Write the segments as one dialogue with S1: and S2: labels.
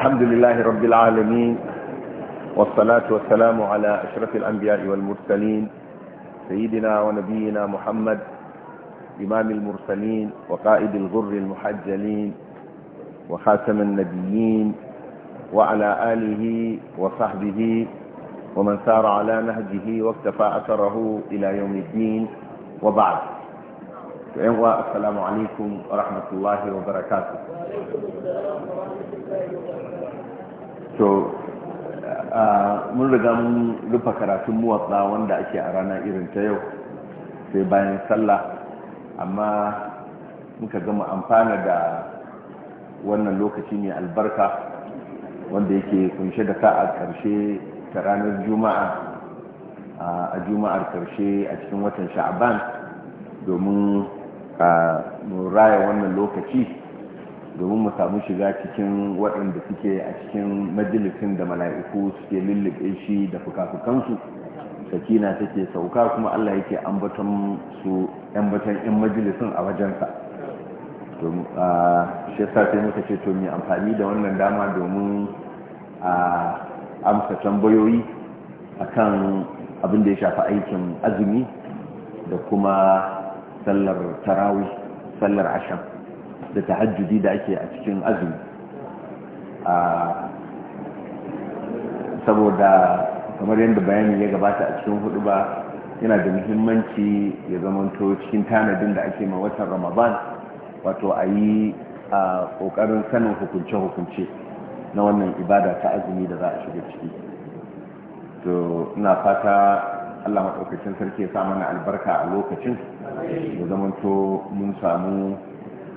S1: الحمد لله رب العالمين والصلاة والسلام على أشرف الأنبياء والمرسلين سيدنا ونبينا محمد إمام المرسلين وقائد الغر المحجلين وخاتم النبيين وعلى آله وصحبه ومن سار على نهجه واكتفى أثره إلى يوم الدين وبعد yan assalamu alaikum wa rahmatullahi wa barakatu so mun riga mun rufa karatun muwatsa wanda ake a rana irin ta yau sai bayan sallah amma muka gama amfana da wannan lokaci ne albarka wanda yake kunshe da sa'a karshe ta ranar juma'a a juma'ar karshe a cikin watan sha'aban domin a raya wannan lokaci domin mu samu shiga cikin waɗanda suke a cikin majalisin da mala'iku suke lullube shi da fuka-fukansu sakina take sauka kuma Allah yake ambaton su ambaton yan majalisun a wajensa to shi yasa sai muka ce to mu amfani da wannan dama domin a amsa tambayoyi akan abin da ya shafi aikin azumi da kuma sallar tarawi sallar asham da tahajjudi da ake a cikin azumi saboda kamar yadda bayani ya gabata a cikin hudu ba yana da muhimmanci ya zamanto cikin tanadin da ake ma watan ramadan wato a yi a kokarin sanin hukunce-hukunce na wannan ibada ta azumi da za a shiga ciki to ina fata Allah maɗaukacin sarki ya sa mana albarka a lokacin da zamanto mun samu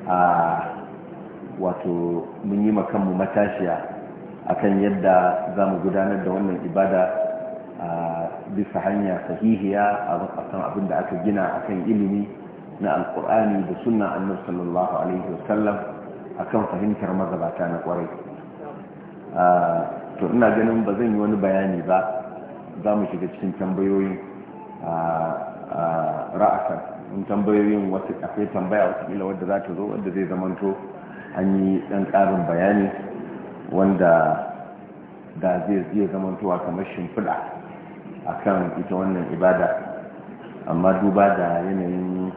S1: a wato mun yi makanmu matashiya akan yadda za mu gudanar da wannan ibada a bisa hanya sahihiya a kan abin da aka gina akan ilimi na alkur'ani da sunna annab sallallahu alaihi wasallam akan fahimtar magabata na kwarai to ina ganin ba zan yi wani bayani ba za mu shiga cikin tambayoyin ra'asar in tambayoyin wasu akwai tambaya wasu ila wadda za ta zo wadda zai zamanto an yi ɗan ƙarin bayani wanda da zai zai zamantowa kamar shimfiɗa a kan ita wannan ibada amma duba da yanayin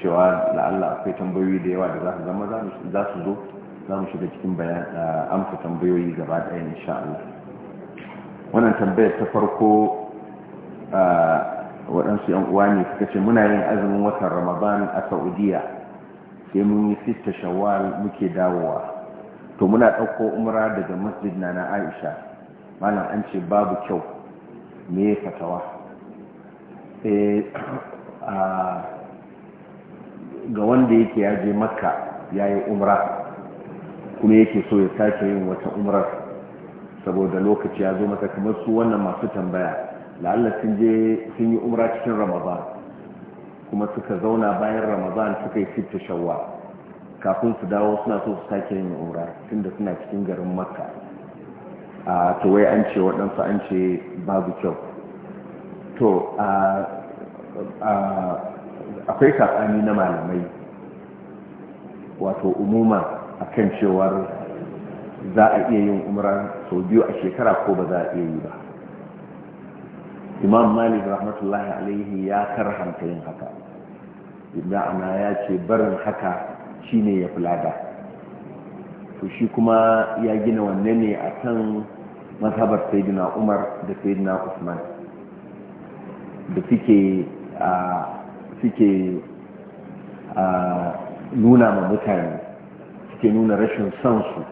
S1: cewa la'alla akwai tambayoyi da yawa da za su zama za su zo za mu shiga cikin amsa tambayoyi gaba ɗaya insha Allah wannan tambayar ta farko waɗansu yan uwa ne suka ce muna yin azumin watan ramadan a saudiya sai mun yi sita shawar muke dawowa to muna ɗauko umra daga masjid na na aisha malam an ce babu kyau me ya fatawa eh, ga wanda yake ya je makka ya yi umra kuma yake so ya sake yin wata umrar saboda lokaci ya zo masa kamar su wannan masu tambaya la'alla sun je sun yi umra cikin ramadan kuma suka zauna bayan ramadan suka yi fita shawwa kafin su dawo suna so su sake yin umra tunda suna cikin garin makka a to wai an ce waɗansu an ce babu kyau to akwai saɓani na malamai wato umuma kan cewar za a iya yin umra sau biyu a shekara ko ba za a iya yi ba imam malik rahmatullahi alaihi ya karhanta yin haka ma'ana ya ce barin haka shine ya fulada to shi kuma ya gina wanne ne a kan mazhabar sayyidina umar da sayyidina usman da suke nuna ma mutane suke nuna rashin son su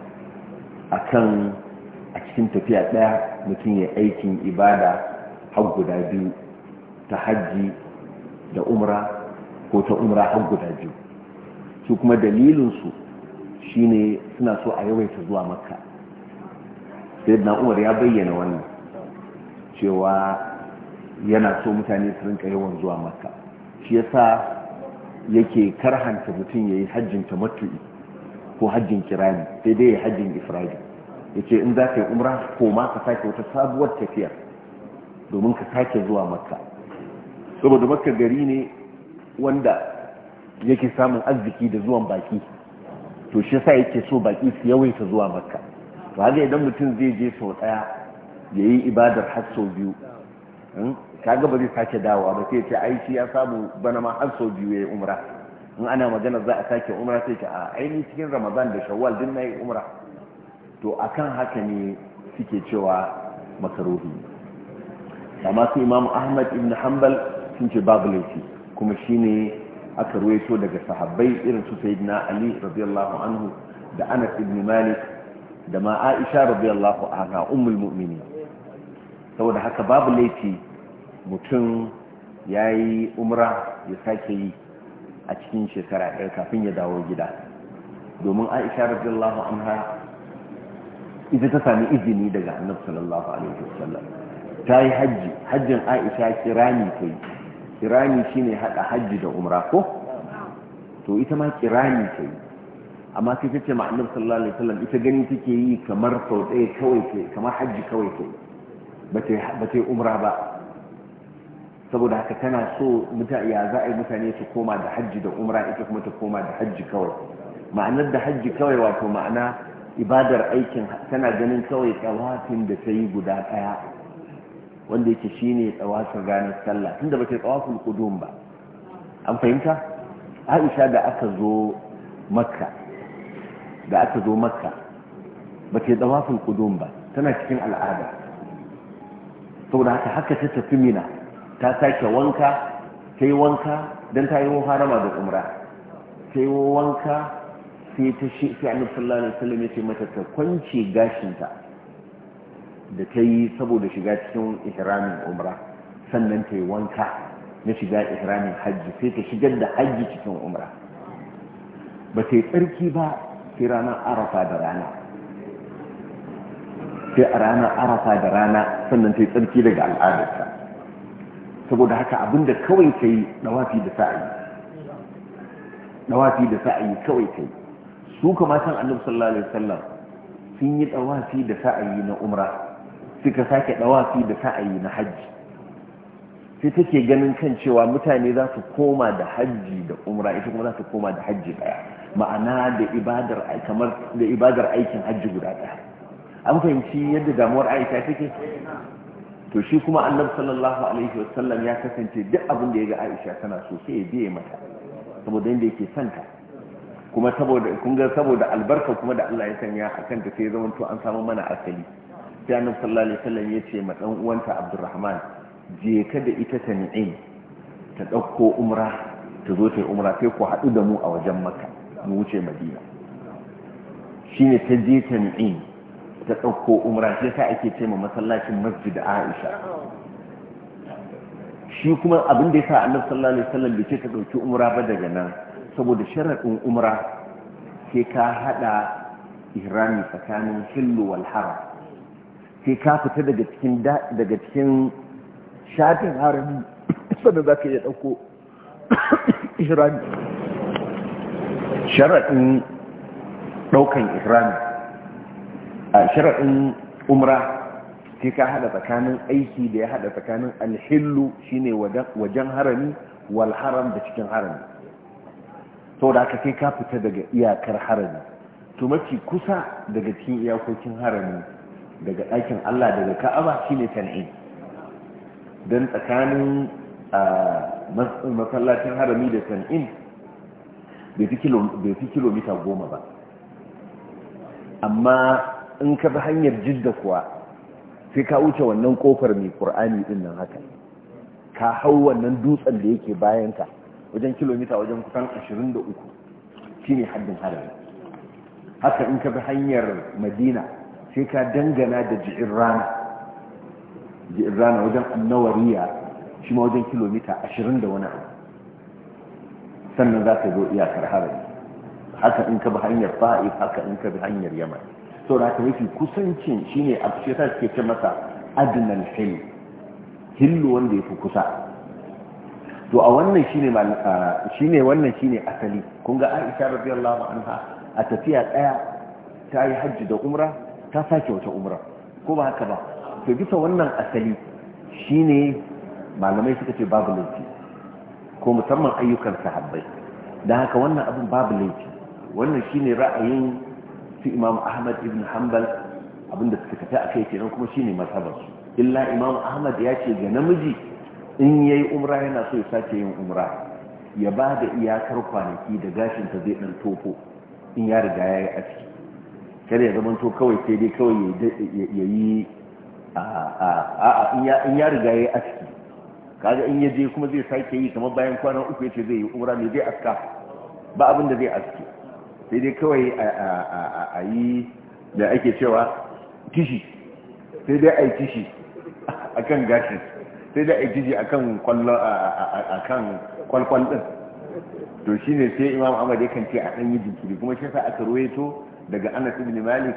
S1: akan a cikin tafiya ɗaya mutum ya aikin ibada har guda biyu ta hajji da umra ko ta umra har guda biyu su kuma dalilinsu shine suna so a yawaita zuwa makka sai na umar ya bayyana wannan cewa yana so mutane su rinka yawan zuwa makka shi yasa yake karhanta mutum ya yi hajjin tamattu'i ko hajjin kirani sai dai hajjin ifradi yace in za ka yi umra ko ma ka sake wata sabuwar tafiya domin ka sake zuwa makka saboda makka gari ne wanda yake samun arziki da zuwan baki to shi yasa yake so baki su yawaita zuwa makka to haka idan mutum zai je sau daya ya yi ibadar har sau biyu hmm, kaga ba zai sake dawowa ba sai ce aiki ya samu bana ma har sau biyu ya yi umra in ana magana za a sake umra sai ka a ainihin cikin ramadan da shawwal din na yi umra to akan haka ne suke cewa makaruhi amma su imam ahmad ibn hanbal sun ce babu laifi kuma shine aka ruwaito daga sahabbai irin su sayyidina ali radiyallahu anhu da anas ibn malik da ma aisha radiyallahu anha ummul mu'minin saboda haka babu laifi mutum yayi umra ya sake yi a cikin shekara ɗaya kafin ya dawo gida domin aisha radiyallahu anha ita ta sami izini daga annabi sallallahu alaihi wasallam ta yi hajji hajjin aisha kirani kai yi kirani shine hada hajji da umra ko to ita ma kirani kai amma sai ta ce ma annabi sallallahu alaihi wasallam ita gani take yi kamar sau ɗaya kawai kai kamar hajji kawai kai ba ta yi umra ba saboda haka tana so ya za a yi mutane su koma da hajji da umra ita kuma ta koma da hajji kawai ma'anar da hajji kawai wato ma'ana ibadar aikin tana ganin kawai tsawafin da ta yi guda ɗaya wanda yake shine tsawafin ranar sallah tunda ba ta tsawafin kudum ba an fahimta aisha da aka zo makka da aka zo makka ba ta tsawafin kudum ba tana cikin al'ada saboda haka haka ta tafi mina ta sake wanka ta wanka don ta yi harama da umra ta yi wanka sai ta shi sai annabi sallallahu alaihi mata ta kwance gashinta da ta yi saboda shiga cikin ihramin umra sannan ta yi wanka na shiga ihramin hajji sai ta shigar da hajji cikin umra ba ta yi tsarki ba sai ranar arafa da rana sai a ranar arafa da rana sannan ta yi tsarki daga al'adarta saboda haka abinda kawai ka yi dawafi da sa'ayi dawafi da sa'ayi kawai ka yi su kama san annabi sallallahu alaihi wasallam sun yi dawafi da sa'ayi na umra suka sake dawafi da sa'ayi na hajji sai take ganin kan cewa mutane za su koma da hajji da umra ita kuma za su koma da hajji daya ma'ana da ibadar kamar da ibadar aikin hajji guda daya an fahimci yadda damuwar aisha take to shi kuma annab sallallahu alaihi wasallam ya kasance duk abin da ya ga Aisha tana so sai ya biye mata saboda inda yake son kuma saboda kun ga saboda albarka kuma da Allah ya sanya akan ta sai zaman to an samu mana asali sai annab sallallahu alaihi wasallam ya ce ma dan uwanta Abdurrahman je ka da ita ta ta dauko umra ta zo ta umra sai ku haɗu da mu a wajen Makka mu wuce Madina shine ta je ta ta ɗauko umra shi ka ake ce ma masallacin masjid Aisha shi kuma abin da yasa Annabi sallallahu alaihi wasallam bai ce ta ɗauki umra ba daga nan saboda sharaɗin umra sai ka hada ihrami tsakanin hillu wal haram sai ka fita daga cikin daga cikin shafin harami sannan za ka iya ɗauko ihrami sharaɗin ɗaukan ihrami a sharaɗin umra sai ka hada tsakanin aiki da ya hada tsakanin alhillu shine wajen harami wal haram da cikin harami sau da aka kai ka fita daga iyakar harami to mafi kusa daga cikin iyakokin harami daga ɗakin Allah daga ka'aba shine tan'in don tsakanin masallacin harami da tan'in bai fi kilomita goma ba amma in ka bi hanyar jidda kuwa sai ka wuce wannan kofar mai ƙur'ani ɗin nan haka ka hau wannan dutsen da yake bayan ka wajen kilomita wajen kusan 23 shine haddin harami haka in ka bi hanyar madina sai ka dangana da ji'in rana wajen annawariya shi ma wajen kilomita 20 da wani abu sannan za ka zo iyakar harami haka in ka bi hanyar fa'if haka in ka bi hanyar yamani saura ta mafi kusancin shine a cikin sa suke ce masa adinan hil hillu wanda ya fi kusa to a wannan shine shine wannan shine asali kun ga Aisha radiyallahu anha a tafiya daya ta yi hajji da umra ta sake wata umra ko ba haka ba to bisa wannan asali shine malamai suka ce babu laifi ko musamman ayyukan sahabbai don haka wannan abin babu laifi wannan shine ra'ayin su imam ahmad ibn hanbal abinda suka tafi a kai kenan kuma shine mazhabar su illa imam ahmad ya ce ga namiji in yayi umra yana so ya sake yin umra ya ba da iyakar kwanaki da gashin ta zai dan tofo in ya riga yayi aski kada ya zama to kawai sai dai kawai ya yi a in ya riga yayi aski kaga in ya je kuma zai sake yi kamar bayan kwana uku yace zai yi umra ne zai aska ba abin da zai aske sai dai kawai a yi da ake cewa tishi sai dai a yi tishi a kan gashin sai dai a yi tishi a kan kwalkwal ɗin to shi ne sai imam ahmad ya ce a ɗan yi jinkiri kuma shi sa aka ruwaito daga anas ibn malik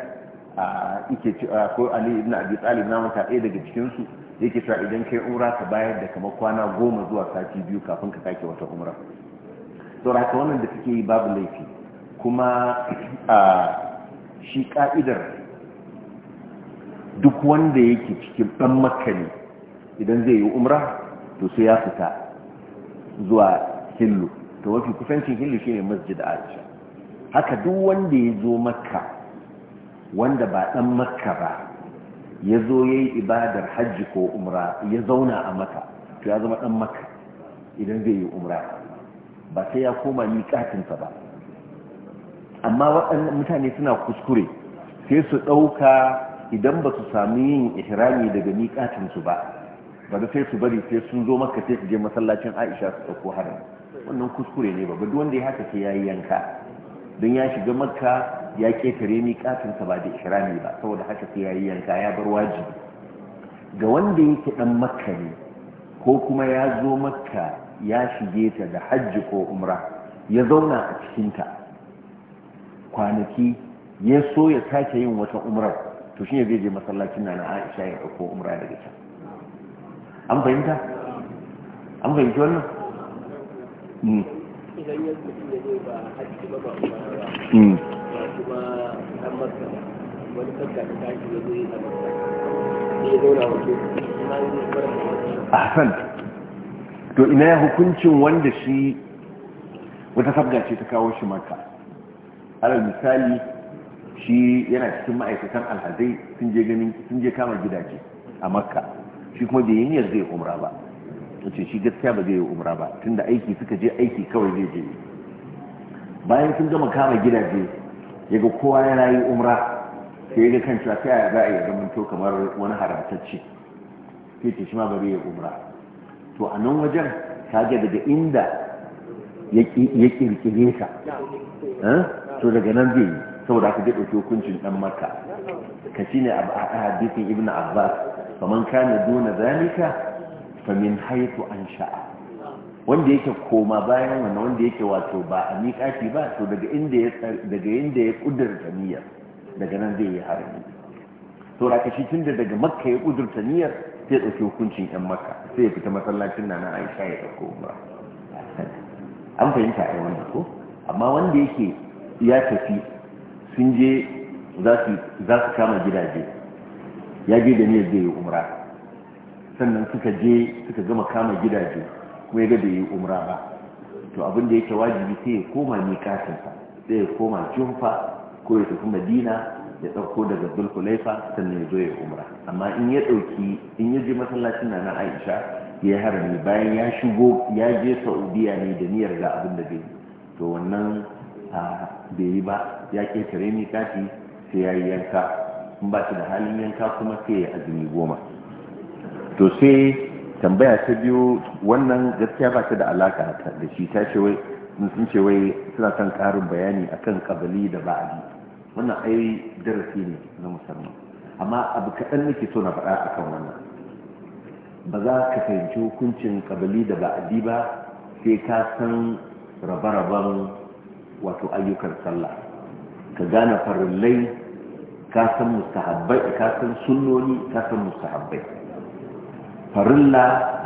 S1: a ike ko ali ibn abi talib na mata ɗaya daga cikinsu yake cewa idan kai umra ka bayar da kamar kwana goma zuwa sati biyu kafin ka sake wata umra saboda haka wannan da suke yi babu laifi kuma a shi ƙa'idar duk wanda yake cikin ɗan makani idan zai yi umra to sai ya fita zuwa hillu to wafi kusancin hillu ne masjid a aisha haka duk wanda ya zo makka wanda ba ɗan makka ba ya zo ya yi ibadar hajji ko umra ya zauna a maka to ya zama ɗan makka idan zai yi umra ba sai ya koma miƙatinsa ba amma waɗannan mutane suna kuskure sai su ɗauka idan ba su sami yin ihrami daga miƙatinsu ba ba da sai su bari sai sun zo maka sai su je masallacin aisha su ɗauko harin wannan kuskure ne ba duk wanda ya haka sai ya yi yanka don ya shiga makka ya ƙetare miƙatinsa ba da ihrami ba saboda haka sai ya yi yanka ya bar wajibi ga wanda yake ɗan makka ne ko kuma ya zo makka ya shige ta da hajji ko umra ya zauna a cikinta kwanaki ya so ya sake yin wata umrar to shi ne zai je masallacin na Aisha ya dauko umra daga can an fahimta an fahimci wannan hmm.
S2: idan ya zai ba hajji ba ba hmm. kuma dan makka wani kakka da tashi ya zo yi da makka ya zauna wato na yi zuwa
S1: ahsan to ina ya hukuncin wanda shi wata sabga ce ta kawo shi maka? alal misali shi yana cikin ma'aikatan alhazai sun je ganin sun je kama gidaje a makka shi kuma bai yi niyyar zai umra ba wace shi gaskiya ba zai yi umra ba tunda aiki suka je aiki kawai zai je bayan sun gama kama gidaje ya ga kowa yana yi umra sai ya ga kan cewa ta za a yi zaman to kamar wani haramtacce sai ce shi ma ba zai yi umra to a nan wajen ga daga inda ya ƙirƙire ka eh? to daga nan zai yi saboda aka daɗa ɗauki hukuncin ɗan maka, ka shi ne a hadisin ibn abbas faman kana duna zalika min haitu an sha'a wanda yake koma bayan wanda wanda yake wato ba a miƙa shi ba to daga inda ya daga inda ya kudurta niyyar daga nan zai yi harami to da kashi tunda daga makka ya kudurta niyyar sai ɗauki hukuncin ɗan makka sai ya fita masallacin na na aisha ya ɗauko ba an fahimta a wannan ko amma wanda yake ya tafi sun je za su kama gidaje ya je da niyar zai yi umra sannan suka je suka gama kama gidaje kuma ya ga da yi umra ba to abin da yake wajibi sai ya koma miƙatinsa sai ya koma jumfa ko ya tafi madina ya ɗauko daga zulkulaifa sannan ya zo ya umra amma in ya ɗauki in ya je masallacin na na aisha ya yi harami bayan ya shigo ya je saudiya ne da niyyar ga abin da bai to wannan bai yi ba ya ƙetare kashi sai ya yi yanka in ba shi da halin yanka kuma sai ya azumi goma to sai tambaya ta biyu wannan gaskiya ba ta da alaka da shi ta ce wai sun ce wai suna son karin bayani akan kabali da ba'adi wannan ai darasi ne na musamman amma abu kaɗan nake so na faɗa akan wannan ba za ka fahimci hukuncin kabali da ba'adi ba sai ka san rabe-raben wato ayyukan sallah ka gane farillai ka mustahabbai ka san sunnoni ka san mustahabbai farilla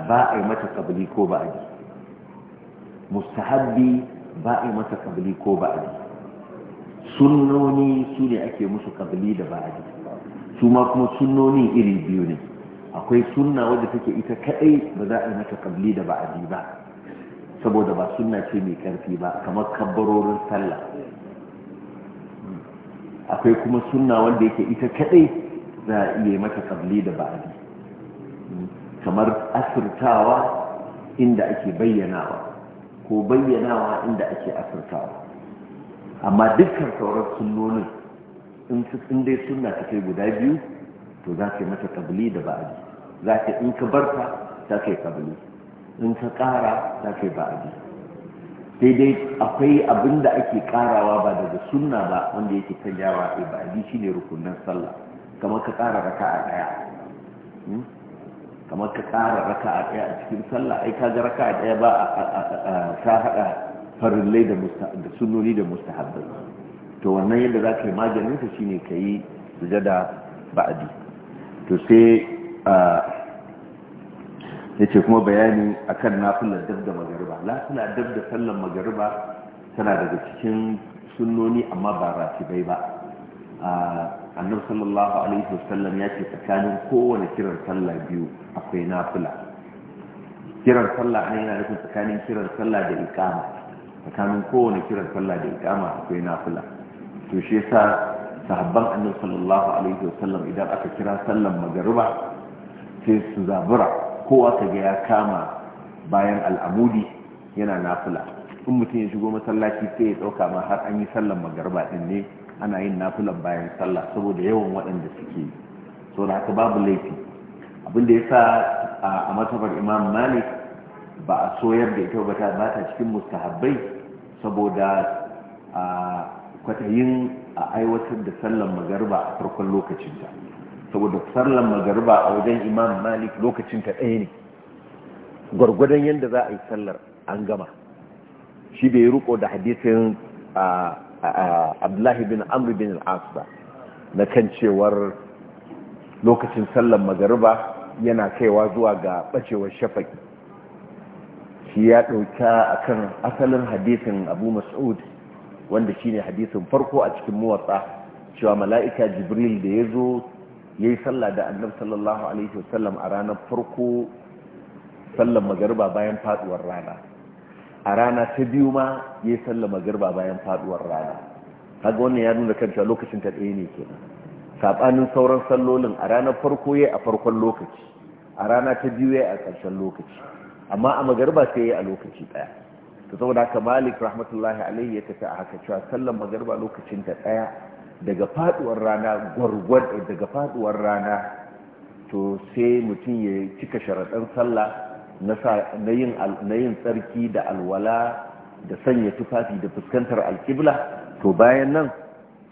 S1: ba a yi mata kabili ko ba a yi mustahabbi ba a yi mata kabili ko ba a yi sunnoni su ne ake musu kabili da ba a yi su ma kuma sunnoni iri biyu ne akwai sunna wadda take ita kadai ba za a yi mata kabili da ba a yi ba saboda ba suna ce mai karfi ba kamar kabbarorin sallah akwai kuma suna wanda yake ita kadai za a iya mata kabli da ba'adi kamar asirtawa inda ake bayyanawa ko bayyanawa inda ake asirtawa amma dukkan sauran sunonin in dai suna ta kai guda biyu to za ka yi mata kabli da ba'adi za ka in ka barta ta, ta kai kabli in ka ƙara za ka yi ba'adi sai dai akwai abin da ake ƙarawa ba daga sunna ba wanda yake canjawa a shi shine rukunin sallah kamar ka ƙara raka a ɗaya hmm? kamar ka ƙara raka a ɗaya a cikin sallah ai kaga raka a ɗaya ba a ta haɗa farillai da sunnoni da mustahabbai to wannan yadda za ka yi shi shine ka yi sujada ba'adi to sai ah, yace kuma bayani akan nafilar dab da magariba nafila dab da sallar magariba tana daga cikin sunnoni amma ba ratibai ba annabi sallallahu alaihi wasallam ya ce tsakanin kowane kiran sallah biyu akwai nafila kiran sallah ne yana nufin tsakanin kiran sallah da ikama tsakanin kowane kiran sallah da ikama akwai nafila to shi yasa sahabban annabi sallallahu alaihi wasallam idan aka kira sallar magariba sai su zabura kowa ka ga ya kama bayan al'amudi yana nafula in mutum ya shigo masallaci sai ya ɗauka ma har an yi sallan magarba ɗin ne ana yin nafulan bayan sallah saboda yawan waɗanda suke so da haka babu laifi abin da ya sa a matafar imam malik ba a soyar da ita ba ta cikin mustahabbai saboda a kwatayin a aiwatar da sallan magarba a farkon lokacinta saboda sallan magariba a wajen imam malik lokacin ta ɗaya ne gwargwadon yadda za a yi sallar an gama shi bai riko da hadisin abdullahi bin amri bin al'asba na kan cewar lokacin sallar magariba yana kaiwa zuwa ga ɓacewar shafaki shi ya ɗauka a kan asalin hadisin abu mas'ud wanda shine hadisin farko a cikin muwatsa cewa mala'ika jibril da ya zo ya yi sallah da annab sallallahu alaihi wasallam a ranar farko sallar magarba bayan faduwar rana a rana ta biyu ma ya yi sallar magarba bayan faduwar rana haga wannan ya nuna kanta lokacin ta ɗaya ne kenan saɓanin sauran sallolin a ranar farko ya a farkon lokaci a rana ta biyu ya a ƙarshen lokaci amma a magarba sai ya a lokaci ɗaya ta saboda haka malik rahmatullahi alaihi ya tafi a haka cewa sallar magarba lokacin ta ɗaya daga faduwar rana gwargwad daga faduwar rana to sai mutum ya cika sharaɗin sallah na yin tsarki da alwala da sanya tufafi da fuskantar alkibla to bayan nan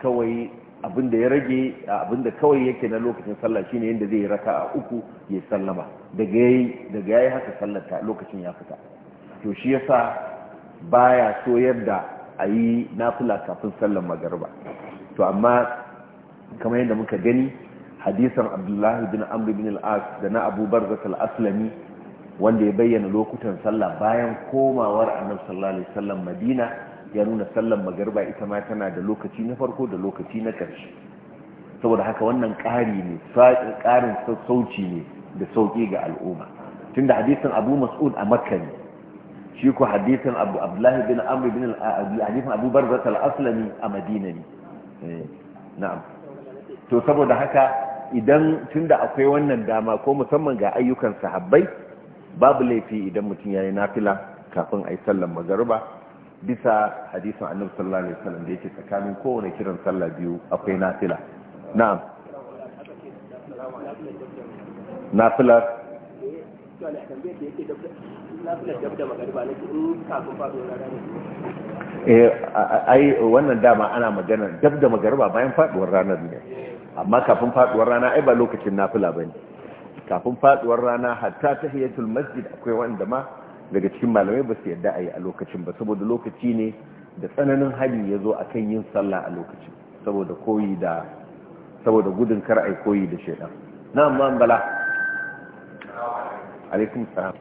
S1: kawai abinda ya rage abinda kawai yake na lokacin sallah shine yadda zai raka a uku ya sallama daga yayi daga yayi haka sallata lokacin ya fita to shi yasa baya so yadda a yi nafila kafin sallan magariba to amma kamar yadda muka gani hadisan abdullahi bin Amri bin al-as da na abu barzat al-aslami wanda ya bayyana lokutan sallah bayan komawar annabi sallallahu alaihi wasallam madina ya nuna sallan magarba ita ma tana da lokaci na farko da lokaci na ƙarshe saboda haka wannan ƙari ne ƙarin sassauci ne da sauƙi ga al'umma tunda hadisan abu mas'ud a makka ne shi ko hadisan abu abdullahi bin Amri bin al-hadisin abu barzat al-aslami a madina ne Eh, na'am to saboda haka idan tunda akwai wannan dama ko musamman ga ayyukan sahabbai babu laifi idan mutum yayi nafila kafin ayi sallar magariba bisa hadisin annabi sallallahu alaihi wasallam da yake tsakanin kowane kiran sallah biyu akwai nafila na'am nafila
S2: nafila Eh,
S1: ai wannan dama ana magana dab da magariba bayan faduwar ranar ne amma kafin faduwar rana ai ba lokacin nafila bane kafin faduwar rana hatta tahiyatul masjid akwai wanda ma daga cikin malamai ba su yadda ayi a lokacin ba saboda lokaci ne da tsananin hali ya zo akan yin sallah a lokacin saboda koyi da saboda gudun kar ai koyi da shedan na'am ma'am bala alaikum salam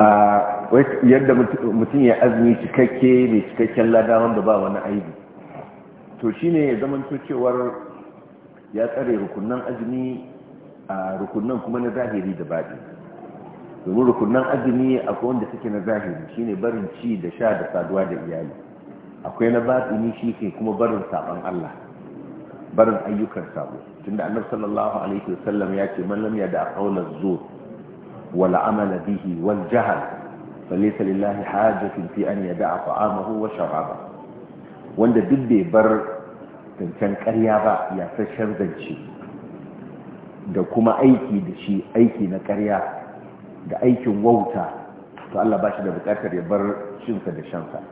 S1: a yadda mutum ya azumi cikakke mai cikakken lada wanda ba wani aibi to shine ya zamanto cewar ya tsare rukunan azumi a rukunan kuma na zahiri da baɗi domin rukunan azumi akwai wanda suke na zahiri shine barin ci da sha da saduwa da iyali akwai na baɗini shi ke kuma barin saɓon Allah barin ayyukan sabo tunda annabi sallallahu alaihi wasallam ya ce man da a qawla zuwa والعمل به والجهل فليس لله حاجة في أن يدع طعامه وشرابه wanda duk bai bar zancen karya ba ya sashen zance da kuma aiki da shi aiki na karya da aikin wauta to Allah ba shi da bukatar ya bar shinsa da shansa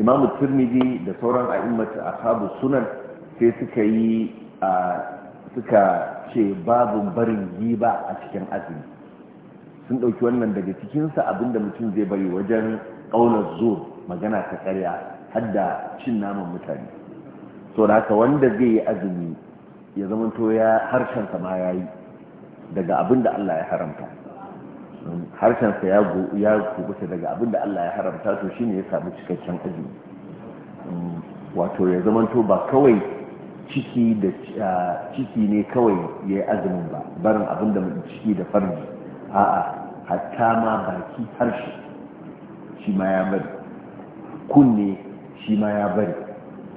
S1: imamu turmidi da sauran a'immatu ashabu sunan sai suka yi suka ce babu barin giba a cikin azumi sun ɗauki wannan daga cikinsa abinda mutum zai bari wajen ƙaunar zuwa magana ta ƙarya har da cin naman mutane so da haka wanda zai yi azumi ya zama to ya harshensa ma ya yi daga abinda Allah ya haramta harshensa ya kubuta daga abinda Allah ya haramta to shi ne ya samu cikakken azumi wato ya zama to ba kawai ciki da ah, ciki ne kawai ya yi azumin ba barin abinda ciki da farji a'a hatta ma baki harshe shi ma ya bari kunne shi ma ya bari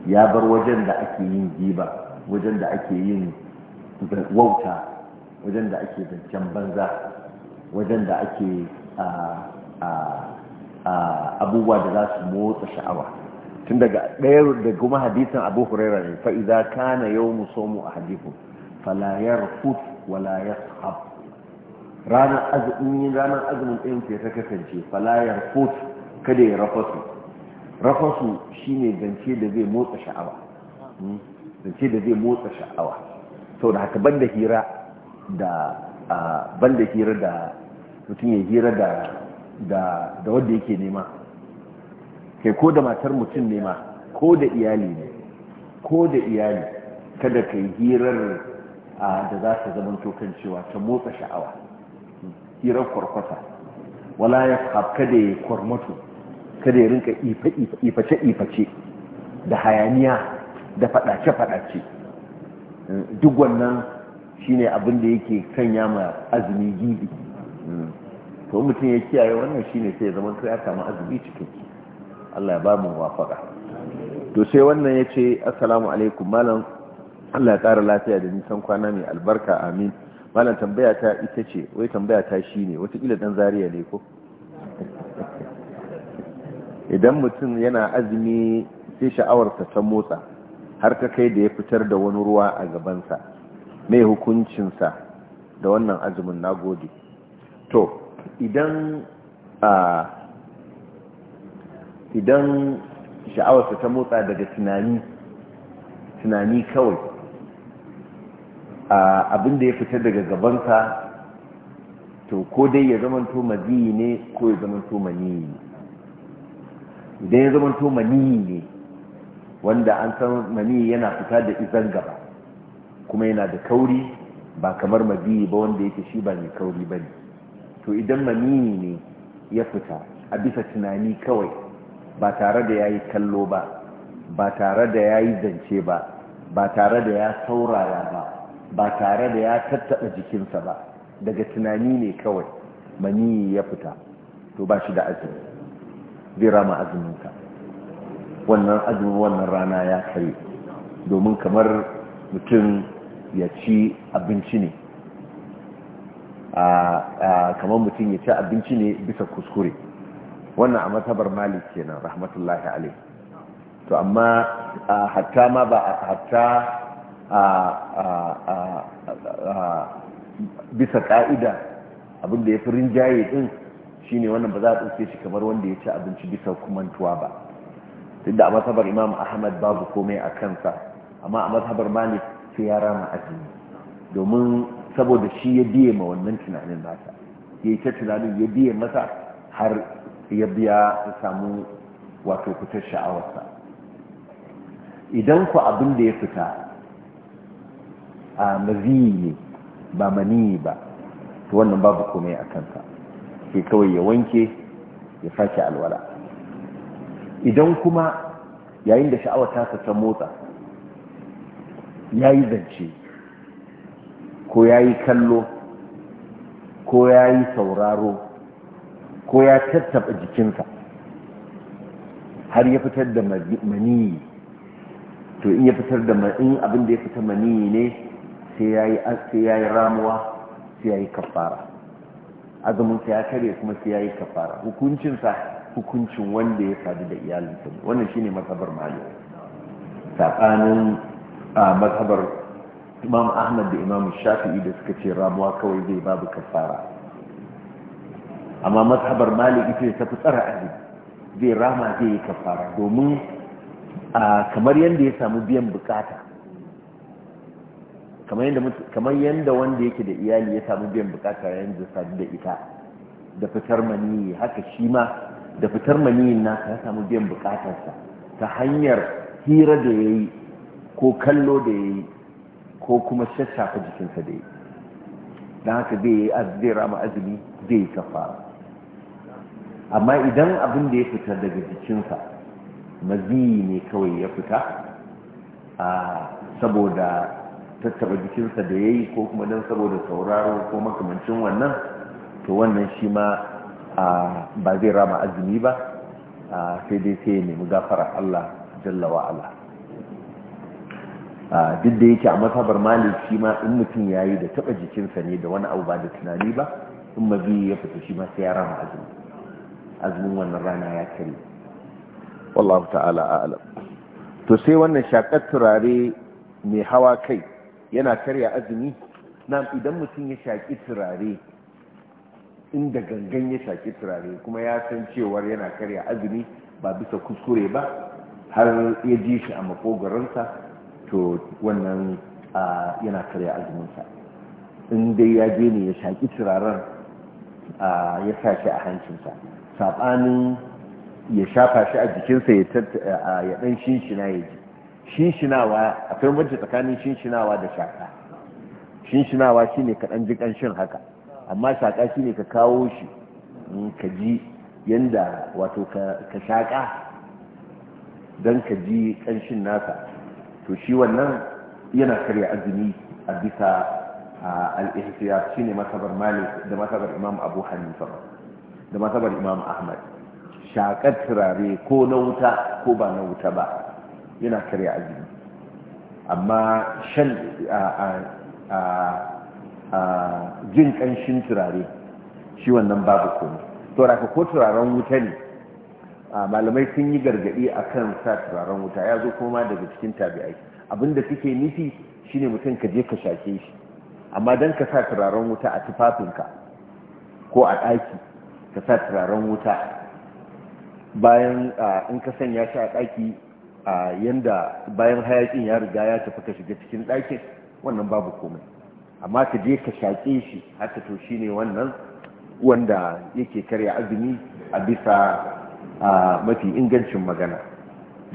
S1: ya bar wajen da ake yin giba wajen da ake yin wauta wajen da ake zancen banza wajen da ake abubuwa da za su motsa sha'awa tun daga ɗaya da kuma hadisan abu huraira ne fa'iza kana yau musomu a hadifu falayar fut walayar hab ranar azumin ranar azumin ɗayan ke ta kasance falayar kotu kada ya rafasu rafasu shi ne zance da zai motsa sha'awa hmm? zance da zai motsa sha'awa sau da haka banda hira da banda hira da mutum ya hira da da wadda yake nema kai ko da matar mutum nema ko da iyali ne ko da iyali kada ka yi hirar da za ta zama tokancewa ta motsa sha'awa tsirar kwarkwasa wala ya kada ya kwarmato kada ya rinka iface-iface da hayaniya da fadace-fadace duk wannan shine abin da yake kan yama azumi gidi to mutum ya kiyaye wannan shine sai zaman sai ya samu azumi cikin Allah ya ba mu wafaka to sai wannan yace assalamu alaikum malam Allah ya kara lafiya da nisan kwana mai albarka amin malam tambaya ta ita ce wai tambaya ta shi ne watakila dan zariya ne ko idan mutum yana azumi sai sha'awarsa ta motsa har ka kai da ya fitar da wani ruwa a gabansa mai hukuncinsa da wannan azumin nagode to idan a idan sha'awarsa ta motsa daga tunani tunani kawai abin da ya fita daga gabansa, to ko dai ya zamanto maziyi ne ko ya zamanto maniyi ne idan ya zamanto maniyi ne wanda an san maniyi yana fita da izan gaba kuma yana da kauri ba kamar maziyi ba wanda yake shi ba mai kauri ba ne to idan maniyi ne ya fita a bisa tunani kawai ba tare da ya yi kallo ba ba tare da ya yi zance ba ba tare da ya saurara ba ba tare da ya tattaɓa jikinsa ba daga tunani ne kawai mani ya fita to ba shi da azumi zai rama azuminka wannan azumin wannan rana ya kare domin kamar mutum ya ci abinci ne kamar mutum ya ci abinci ne bisa kuskure wannan a matabar malik kenan rahmatullahi alaihi to amma hatta ma ba hatta bisa ka'ida abin da ya fi rinjaye din shine wannan ba za a shi kamar wanda ya ci abinci bisa kumantuwa ba duk da a matsabar imam ahmad babu komai a kansa amma a matsabar malik sai ya rama azumi domin saboda shi ya biye ma wannan tunanin nasa ya yi ta tunanin ya biye masa har ya biya ta samu wato kutar sha'awarsa idan ku abin da ya fita a maziyi ba maniyi ba to wannan babu komai a kansa ke kawai ya wanke ya sake alwala idan kuma yayin da sha'awa ta san motsa ya yi zance ko ya yi kallo ko ya yi sauraro ko ya tattaba jikinsa har ya fitar da maniyi to in ya fitar da in abin ya fita maniyi ne sai yayi sai yi ramuwa sai ya yi kafara azumin sai ya kare kuma sai ya yi kafara hukuncinsa hukuncin wanda ya sadu da iyalinsa wannan shine mazhabar malik a matsabar imam ahmad da imam shafi'i da suka ce ramuwa kawai zai babu kafara amma matsabar malik ita ta fi tsara azumi zai rama zai yi kafara domin kamar yadda ya samu biyan bukata kamar yadda wanda yake da iyali ya samu biyan bukatar yayin da sadu da ita da fitar maniyi haka shi ma da fitar maniyin nasa ya samu biyan bukatarsa ta hanyar hira da ya yi ko kallo da ya yi ko kuma shashafa jikinsa da ya yi don haka zai yi zai rama azumi zai yi kafa amma idan abin da ya fita daga jikinsa maziyi ne kawai ya fita saboda tattaba jikinsa da ya yi ko kuma don saboda sauraro ko makamancin wannan to wannan shi ma ba zai rama azumi ba sai dai sai ya nemi gafara Allah jalla wa'ala duk da yake a matsabar malik shi ma in mutum ya yi da taba jikinsa ne da wani abu ba da tunani ba in mazi ya fita shi ma sai ya rama azumi azumin wannan rana ya kare wallahu ta'ala a'lam to sai wannan shakar turare mai hawa kai yana karya azumi na idan mutum ya shaƙi turare inda gangan ya shaƙi turare kuma ya san cewar yana karya azumi ba bisa kuskure ba har ya ji shi a makogaransa to wannan yana karya azuminsa in dai ya je ne ya shaƙi turaren ya sa shi a hancinsa saɓanin ya shafa shi a jikinsa ya ɗan shinshina ya ji shinshinawa akwai banci tsakanin shinshinawa da shaka shinshinawa shine ne kaɗan ji ƙanshin haka amma shaka shine ka kawo shi ka ji yadda wato ka shaka don ka ji ƙanshin nasa to shi wannan yana karya azumi a bisa al shi ne masabar malik da masabar imam abu hanifa da masabar imam ahmad shakar turare ko na wuta ko ba na wuta ba yana karya azumi amma shan jin ƙanshin turare shi wannan babu komai to raka ko turaren wuta ne malamai sun yi gargaɗi a kan sa turaren wuta ya zo kuma daga cikin tabi'ai abinda suke nufi shine mutum ka je ka shake shi amma don ka sa turaren wuta a tufafinka ko a ɗaki ka sa turaren wuta bayan in ka sanya shi a ɗaki a yanda bayan hayakin ya riga ya tafi ka shiga cikin ɗakin wannan babu komai amma ka je ka shaƙe shi haka to shine wannan wanda yake karya azumi a bisa mafi ingancin magana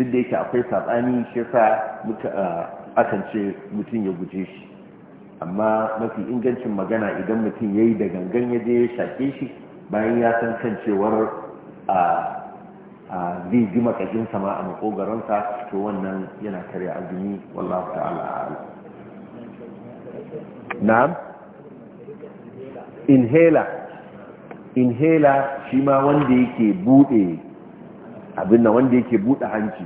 S1: duk da yake akwai saɓani shi sa akan ce mutum ya guje shi amma mafi ingancin magana idan mutum ya yi da gangan ya je ya shaƙe shi bayan ya san kan cewar a zai ji kakin sama a makogaronsa to wannan yana karya azumi wallahu ta'ala ala na'am inhaler inhaler shi ma wanda yake bude abin wanda yake bude hanci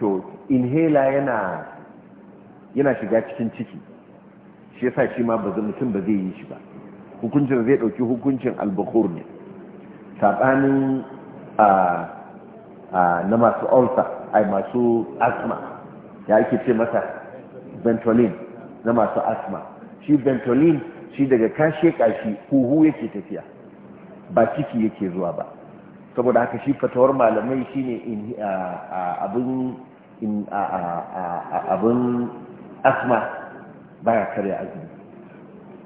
S1: to inhaler yana yana shiga cikin ciki shi yasa shi ma ba mutum ba zai yi shi ba hukuncin zai dauki hukuncin albakhur ne sabanin a na masu ulcer ai masu asma ya ake ce masa ventolin na masu asma shi ventolin shi daga kashi kashi huhu yake tafiya ba ciki yake zuwa ba saboda haka shi fatawar malamai shine abin abin asma baya karya azumi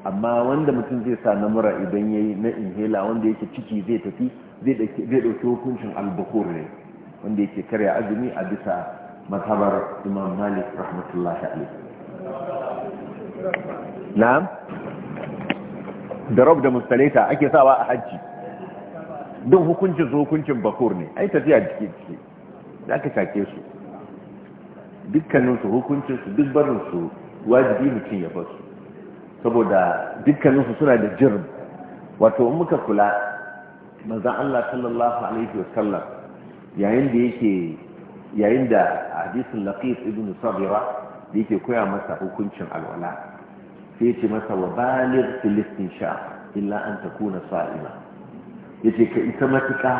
S1: amma wanda mutum zai sa na mura idan ya na inhela wanda yake ciki zai tafi zai ɗauki hukuncin albukur ne wanda yake karya azumi a bisa mazhabar imam malik rahmatullahi alaihi na da rab da mustalaita ake sawa a hajji don hukuncin su hukuncin bakur ne ai tafiya jike jike da aka shake su dukkanin su hukuncin su duk barin su wajibi mutum ya ba su saboda dukkanin su suna da jirm wato muka kula manzon Allah sallallahu alaihi wasallam yayin da yake yayin da hadisin laqif ibn sabira da yake koya masa hukuncin alwala sai ya masa wa balir filistin sha illa an takuna sa'ima yace ka ita matuƙa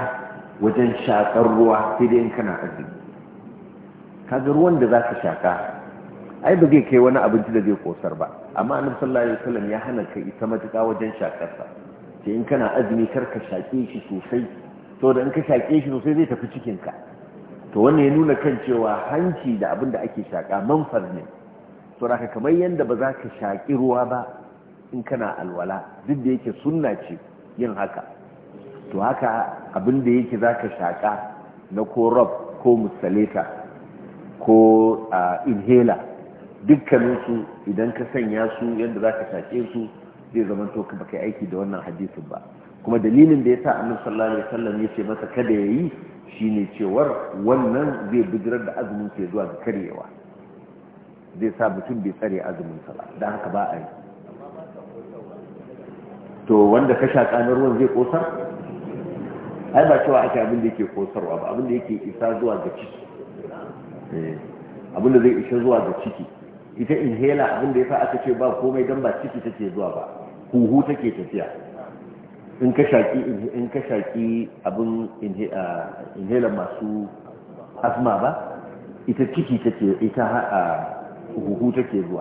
S1: wajen shakar ruwa sai dai in kana azumi kaga ruwan da zaka shaka ai ba zai kai wani abinci da zai kosar ba amma annabi sallallahu alaihi wasallam ya hana ka ita matuƙa wajen shakar sa sai in kana azumi kar ka shake shi sosai da in ka shaƙe shi sosai zai tafi cikinka to wannan ya nuna kan cewa hanci da abin da ake shaƙa manfar ne to da kamar yadda ba za ka shaƙi ruwa ba in kana alwala duk da yake sunna ce yin haka to haka abin da yake za ka shaƙa na ko rob ko musalita ko inhaler dukkaninsu idan ka sanya su yadda za ka shaƙe su zai zama to ka baka aiki da wannan hadisin ba kuma dalilin da ya sa annabi sallallahu alaihi wasallam ya ce masa kada ya yi shine cewar wannan zai bijirar da azumin ke zuwa ga karyewa zai sa mutum bai tsare azumin sa ba dan haka ba a yi to wanda ka shaka na ruwan zai kosa ai ba cewa ake abin da yake kosarwa ba abin da yake isa zuwa ga ciki eh, abin da zai isa zuwa ga ciki ita inhaler abin da ya sa aka ce ba komai dan ba ciki take zuwa ba huhu take tafiya in ka shaki in ka shaki abin inhaler masu asma ba ita ciki take ita huhu take zuwa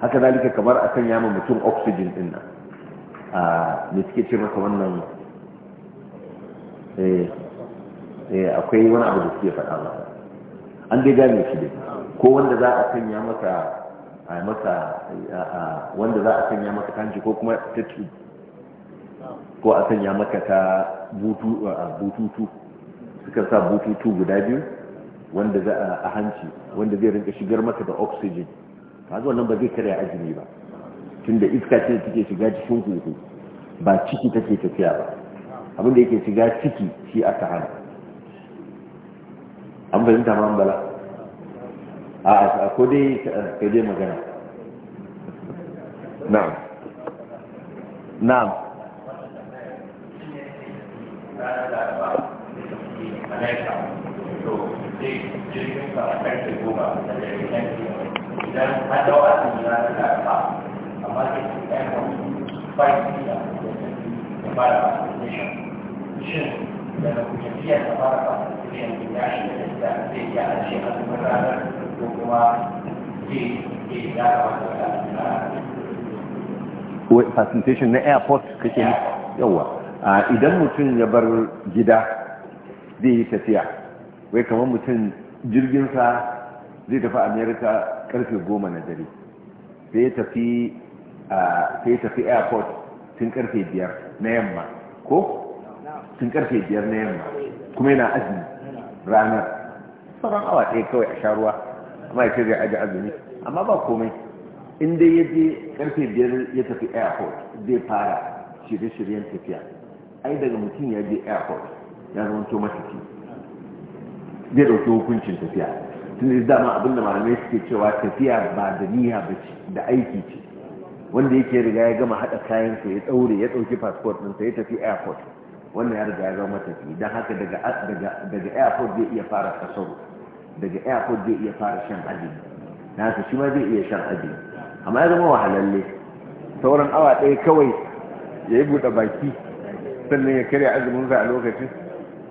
S1: haka zalika kamar a sanya ma mutum oxygen din nan a ne suke ce maka wannan eh, eh, akwai wani abu da suke faɗa ba an dai gane shi dai ko wanda za a sanya maka a maka wanda za a sanya maka kanji ko kuma ta ko a sanya maka ta bututu suka sa bututu guda biyu wanda za a hanci wanda zai rinka shigar maka da oxygen zuwa wannan ba zai karya azumi ba tunda iska ce take shiga cikin huhu ba ciki take tafiya ba abinda yake shiga ciki shi aka hana an fahimta ma'an bala a ko dai ka je magana na'am na'am
S2: ranar laraba a naika jirgin idan a ya fara vaccination a cikin
S1: presentation na airport kake yawa idan mutum ya bar gida zai yi tafiya wai kamar mutum jirginsa zai tafi Amerika karfe goma na dare sai ya tafi airport tun karfe biyar na yamma ko? tun karfe biyar na yamma kuma yana azumi ranar sauran awa ɗaya kawai a sharuwa amma ya ce zai aji azumi amma ba komai inda dai ya je karfe biyar ya tafi airport zai fara shirye-shiryen tafiya ai daga mutum ya je airport ya zama to matafi zai dauki hukuncin tafiya tun da dama abinda malamai suke cewa tafiya ba da niyya ba ce da aiki ce wanda yake riga ya gama haɗa kayansa ya daure ya ɗauki passport sai ya tafi airport wannan ya riga ya zama matafi don haka daga airport zai iya fara kasaro daga airport zai iya fara shan azumi na su shi ma zai iya shan azumi amma ya zama wahalalle sauran awa ɗaya kawai ya yi buɗe baki sannan ya karya azuminsa a lokacin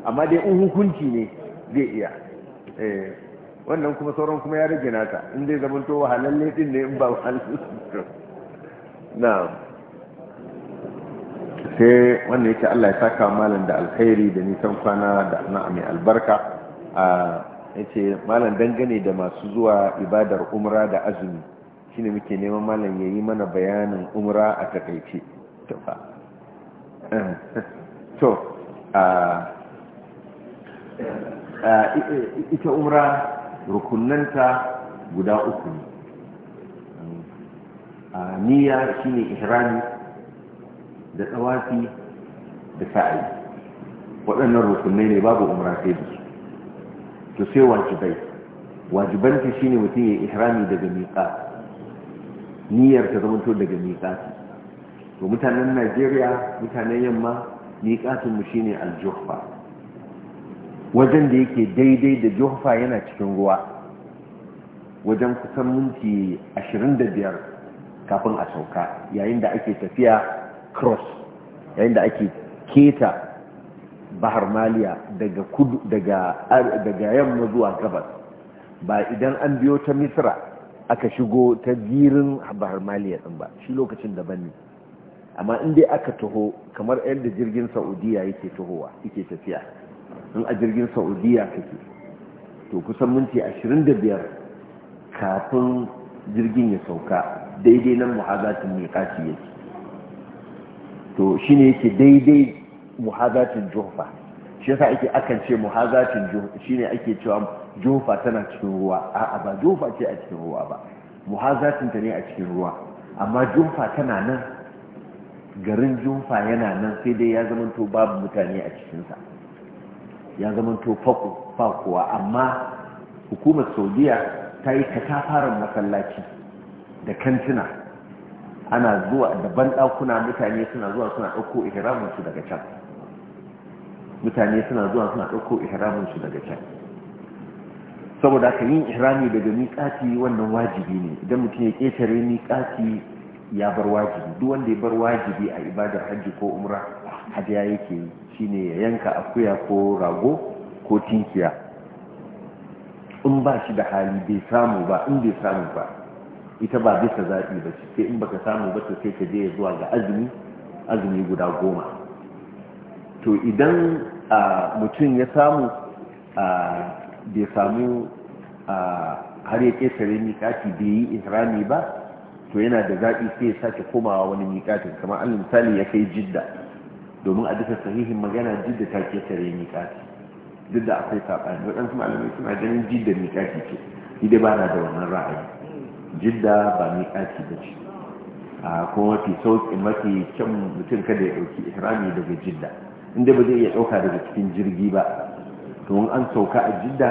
S1: amma dai in hukunci ne zai iya eh, wannan kuma sauran kuma ya rage nata in dai zamanto wahalalle din ne in ba wahalalle na sai wannan yake Allah ya saka malam da alkhairi da nisan kwana da na albarka a yace malam dangane da masu zuwa ibadar umra da azumi shine muke neman malam yayi mana bayanin umra a takaice fa to ita umra rukunanta guda uku ne niyya shine ihrami da tsawafi da sa'ayi waɗannan rukunai ne babu umra sai da su to sai wajibai wajibanta shine mutum ya ihrami daga miƙa niyyar ta to daga miƙa to mutanen najeriya mutanen yamma miƙatinmu mu shine aljuhfa wajen da yake daidai da juhfa yana cikin ruwa wajen kusan minti 25 kafin a sauka yayin da ake tafiya cross yayin da ake keta bahar maliya daga kudu daga daga yamma zuwa gabas ba idan an biyo ta misra aka shigo ta girin bahar maliya din ba shi lokacin daban ne amma in dai aka taho kamar yadda jirgin saudiya yake tahowa yake tafiya in a jirgin saudiya kake to kusan minti 25 kafin jirgin ya sauka daidai nan muhazatin kaci yake to shi ne yake daidai muhazatin jofa shi yasa ake akan ce muhazatin jofa shi ne ake cewa jofa tana cikin ruwa a'a ba jofa ce a cikin ruwa ba muhazatin ta ne a cikin ruwa amma jofa tana nan garin jumfa yana nan sai dai ya zamanto babu mutane a cikinsa ya fa fakuwa amma hukumar saudiya ta yi katafaren masallaci da kantina ana zuwa da banɗakuna mutane suna zuwa suna ɗauko ihraminsu daga can mutane suna zuwa suna ɗauko ihraminsu daga can saboda ka yin ihrami daga miƙati wannan wajibi ne idan mutum ya ƙetare miƙati ya bar wajibi duk wanda ya bar wajibi a ibadar hajji ko umra hadiya yake shine ya yanka akuya ko rago ko tinkiya in ba shi da hali bai samu ba in bai samu ba ita ba bisa zaɓi ba ce sai in baka samu ba to sai ka je zuwa ga azumi azumi guda goma to idan mutum ya samu bai samu a har ya ƙetare mikati bai yi ihrami ba to yana da zaɓi sai ya sake komawa wani miƙatin kamar an misali ya kai jidda domin a duka sahihin magana jidda ta tare miƙati duk da akwai saɓani waɗansu malamai suna ganin jidda miƙati ce ni dai ba na da wannan ra'ayi jidda ba miƙati ba ce a kuma mafi sauƙi mafi kyan mutum kada ya ɗauki ihrami daga jidda inda ba zai iya ɗauka daga cikin jirgi ba to an sauka a jidda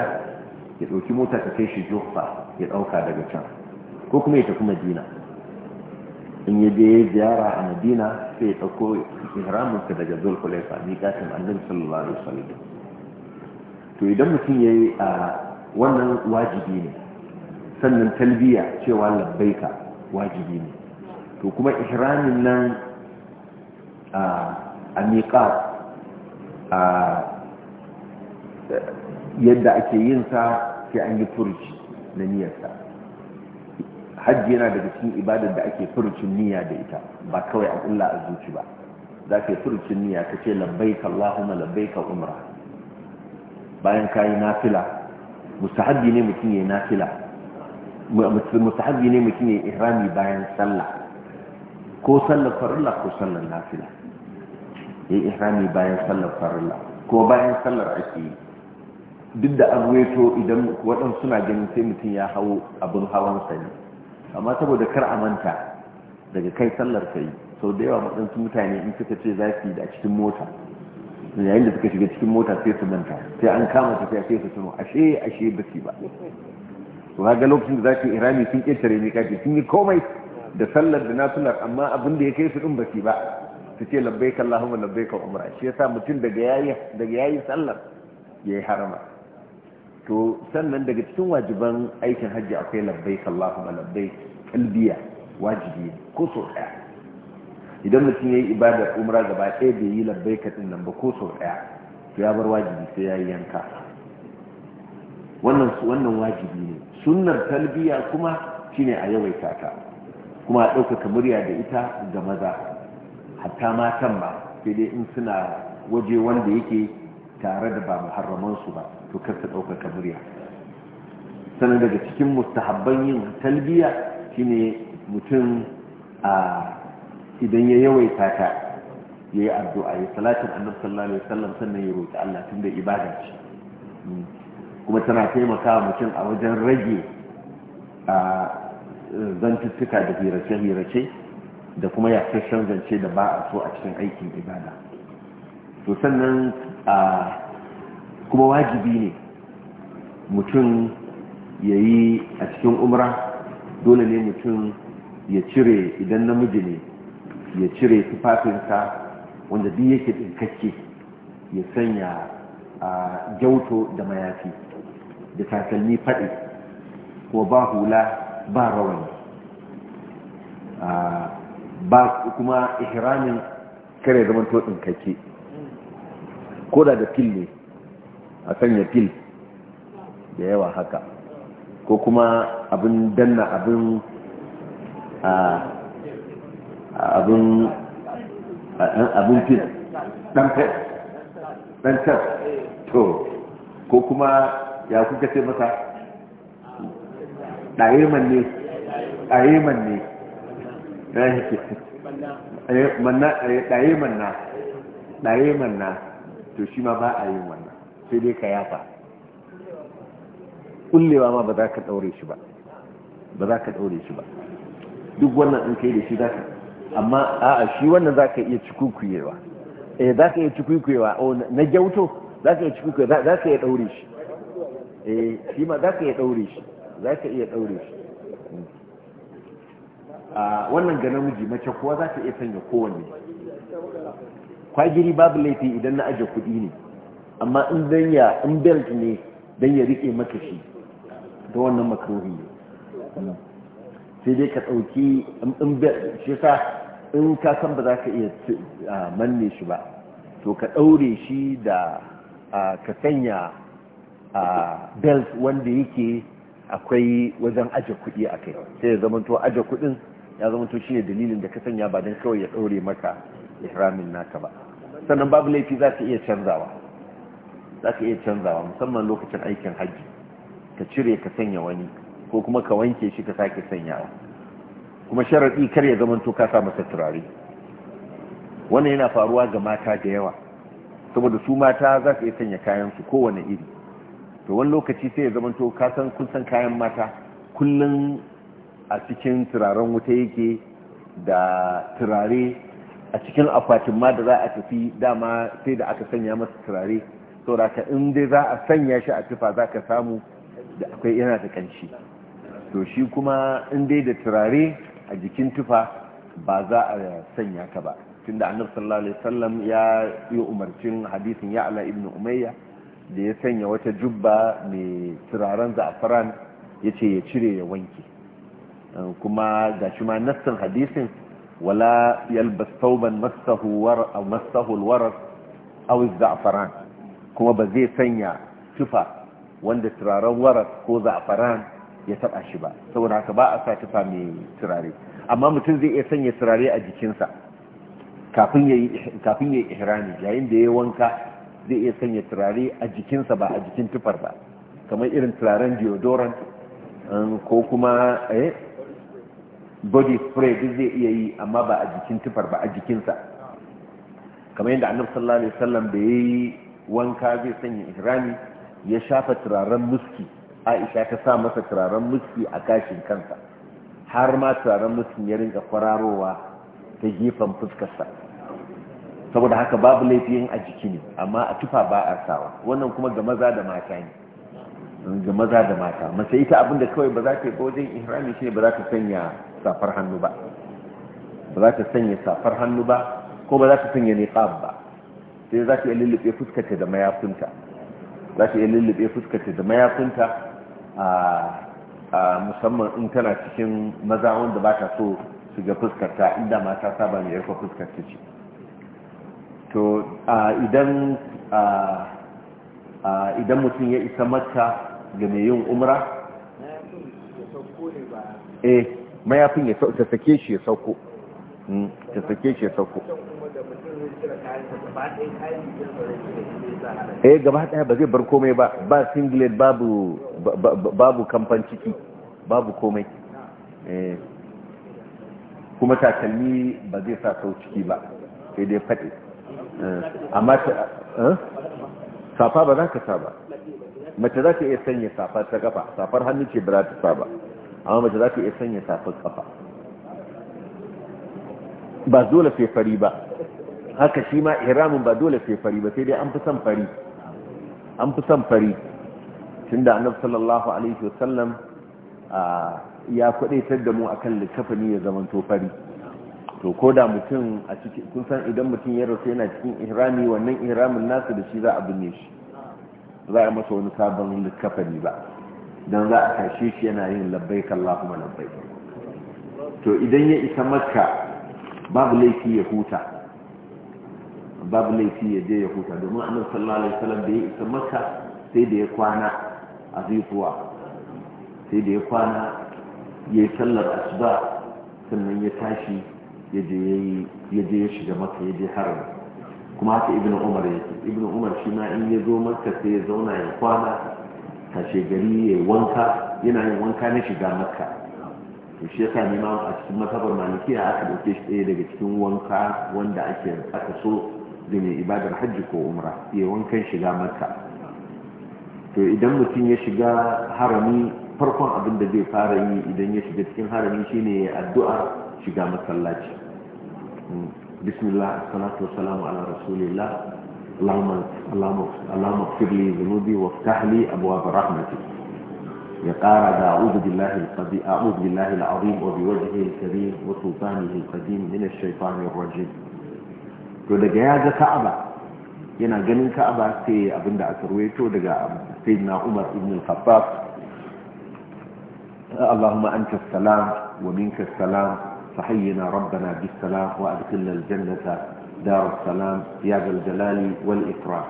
S1: ya ɗauki mota ta kai shi jufa ya ɗauka daga can ko kuma ya tafi madina in ya je ziyara a madina sai ya ɗauko ihraminsa daga zulkulaifa miƙatin annabi sallallahu alaihi to idan mutum ya yi a wannan wajibi ne sannan talbiya cewa labbaika wajibi ne to kuma ihramin nan a miƙa a yadda ake yin sa sai an yi furci na niyarsa hajji yana daga cikin ibadar da ake furucin niyya da ita ba kawai a kulla a zuci ba za ka yi furucin niyya ka ce labbaika Allahumma ka umra bayan ka yi nafila mustahabbi ne mutum ya nafila mustahabbi ne mutum ya ihrami bayan sallah ko sallar farilla ko sallar nafila ya yi ihrami bayan sallar farilla ko bayan sallar ake yi duk da an idan waɗansu suna ganin sai mutum ya hau abin hawan sani amma saboda kar a manta daga kai sallar ka yi sau da yawa waɗansu mutane in suka ce za su yi da cikin mota yayin da suka shiga cikin mota sai su manta sai an kama tafiya sai su tuno ashe ashe ba su ba to ga lokacin da za yi irami sun ƙetare ne kake sun yi komai da sallar da nasular amma abin da ya kai su ɗin ba su ba su ce lahama allahumma kan umra shi yasa mutum daga yayi daga yayi sallar yayi harama to sannan daga cikin wajiban aikin hajji akwai labbai Allahumma labbai kalbiya wajibi ko so daya idan mutum yi ibadar umra gaba ɗaya bai yi labbai kaɗin nan ba ko so daya to ya bar wajibi sai ya yi yanka wannan wajibi ne sunnar talbiya kuma shine a yawaita ta kuma a ɗaukaka murya da ita ga maza hatta matan ba sai dai in suna waje wanda yake tare da ba muharramansu ba to kar ta ɗaukaka murya sannan daga cikin mustahabban yin talbiya shine mutum a idan ya yawaita ta ya yi addu'a ya salatin annabi sallallahu alaihi wasallam sannan ya roƙi Allah tunda ibada ce hmm. kuma tana taimakawa mutum a wajen rage a zantuttuka da hirace-hirace da kuma yasashen zance da ba a so a cikin aikin ibada to sannan kuma wajibi ne mutum ya yi a cikin umra dole ne mutum ya cire idan namiji ne ya cire tufafinsa wanda duk yake tsinkacce ya sanya a gyauto da mayafi da takalmi faɗi kuma ba hula ba rawani ba kuma ihramin kare zama to ko da da fil ne a sanya fil da yawa haka ko kuma abin danna abin a abin abin fil dan tas to ko kuma ya kuka ce masa ɗayeman ne ɗayeman ne na yake ɗayeman na ɗayeman na to shi ma ba a yin wannan sai dai ka yafa kullewa ma ba za ka daure shi ba ba za ka daure shi ba duk wannan in kai da shi za ka amma a'a shi wannan za ka iya cikukuyewa eh za ka iya cikukuyewa o na gyauto za ka iya cikukuyewa za ka iya daure shi eh shi ma za ka iya daure shi za ka iya daure shi hmm. a ah, wannan ga namiji mace kuwa za ta iya sanya kowanne kwagiri babu laifi idan na aje kuɗi ne amma in dan ya in belt ne dan ya rike maka shi da wannan makaruhi ne sai dai ka ɗauki in belt shi sa in ka san ba za ka iya manne shi ba to ka ɗaure shi da ka sanya belt wanda yake akwai wajen aje kuɗi a kai sai ya zamanto aje kuɗin ya zamanto shi ne dalilin da ka sanya ba don kawai ya ɗaure maka ihramin naka ba sannan babu laifi za ka iya canzawa za ka iya canzawa musamman lokacin aikin hajji ka cire ka sanya wani ko kuma ka wanke shi ka sake sanyawa kuma sharaɗi kar ya zamanto ka sa masa turare wannan yana faruwa ga mata da yawa saboda su mata za su iya sanya kayan su kowane iri to wani lokaci sai ya zamanto ka san kun san kayan mata kullum a cikin turaren wuta yake da turare a cikin akwatin ma da za a tafi dama sai da aka sanya masa turare da in dai za a sanya shi a tufa za ka samu da akwai yana da kanshi to shi kuma in dai da turare a jikin tufa ba za a sanya ka ba tun da annabi sallallahu alaihi wasallam ya yi umarcin hadisin ya ala ibnu umayya da ya sanya wata jubba mai turaren za'afran yace ya cire ya wanke kuma ga shi ma nassin hadisin wala yalbas tauban mastahu war aw mastahu kuma ba zai sanya tufa wanda turaren waras ko za'afaran ya taba shi ba saboda haka ba a sa tufa mai turare amma mutum zai iya sanya turare a jikinsa kafin ya yi ihrami yayin da ya wanka zai iya sanya turare a jikinsa ba a jikin tufar ba kamar irin turaren deodorant ko kuma body spray duk zai iya yi amma ba a jikin tufar ba a jikinsa kamar yadda annabi sallallahu alaihi wasallam da yayi wanka zai sanya ihrami ya shafa turaren muski Aisha ta sa masa turaren muski a gashin kansa har ma turaren muskin ya rinka kwararowa ta gefen fuskarsa saboda haka babu laifin a jiki ne amma a tufa ba a sawa wannan kuma ga maza da mata ne ga maza da mata mace ita abinda kawai ba za ta yi ba wajen ihrami shi ne ba za ta sanya safar hannu ba ba za ta sanya safar hannu ba ko ba za ta sanya niqab ba sai za ta iya lullube fuskarta da mayafinta za ta iya lullube fuskarta da mayafinta a musamman in tana cikin maza wanda ba ta so su ga fuskarta inda mata saba mai yarfa fuskarta ce to idan idan mutum ya isa mata ga mai yin umra eh mayafin ya ta sake shi ya sauko hmm, ta sake shi ya sauko eh gaba daya ba zai bar komai ba ba singlet babu babu kamfan ciki babu komai eh, kuma takalmi ba zai sa sau ciki ba sai dai faɗi
S2: eh, amma
S1: eh? safa ba za ka sa ba mace za ka iya sanya safa ta kafa safar hannu ce ba za ta sa ba amma mace za ta iya sanya tafin kafa ba dole sai fari ba haka shi ma ihramin ba dole sai fari ba sai dai an fi son fari an fi son fari tunda annabi sallallahu alaihi wasallam ya kwadaitar da mu akan likafani ya zamanto fari to ko da mutum a cikin kun san idan mutum ya rasu yana cikin ihrami wannan ihramin nasu da shi za a binne shi za a masa wani sabon likafani ba don za a tashe shi yana yin labbai kuma labbai to idan ya isa makka babu laifi ya huta babu laifi ya je ya huta domin annabi sallallahu alaihi wasallam da ya isa makka sai da ya kwana a zuwa sai da ya kwana ya yi sallar asuba sannan ya tashi ya je ya shiga maka ya je haram kuma haka ibnu umar yake ibnu umar shi ma in ya zo maka sai ya zauna ya kwana kashe gari ya wanka yana yin wanka na shiga makka to shi yasa ne ma a cikin masabar malikiya aka dauke shi ɗaya daga cikin wanka wanda ake aka so da mai ibadar hajji ko umra ya wankan shiga makka to idan mutum ya shiga harami farkon abin da zai fara yi idan ya shiga cikin harami shine ya addu'a shiga masallaci hmm. bismillah salatu wassalamu ala rasulillah اللهم اللهم اللهم اغفر لي ذنوبي وافتح لي ابواب رحمتك يا قارد اعوذ بالله القديم اعوذ بالله العظيم وبوجهه الكريم وسلطانه القديم من الشيطان الرجيم to daga ya ga ka'aba yana ganin ka'aba sai abinda aka ruwaito daga sayyidina Umar ibn al-Khattab اللهم أنت السلام ومنك السلام فحينا ربنا بالسلام وأدخلنا الجنة دار السلام يا ذا الجلال والإكرام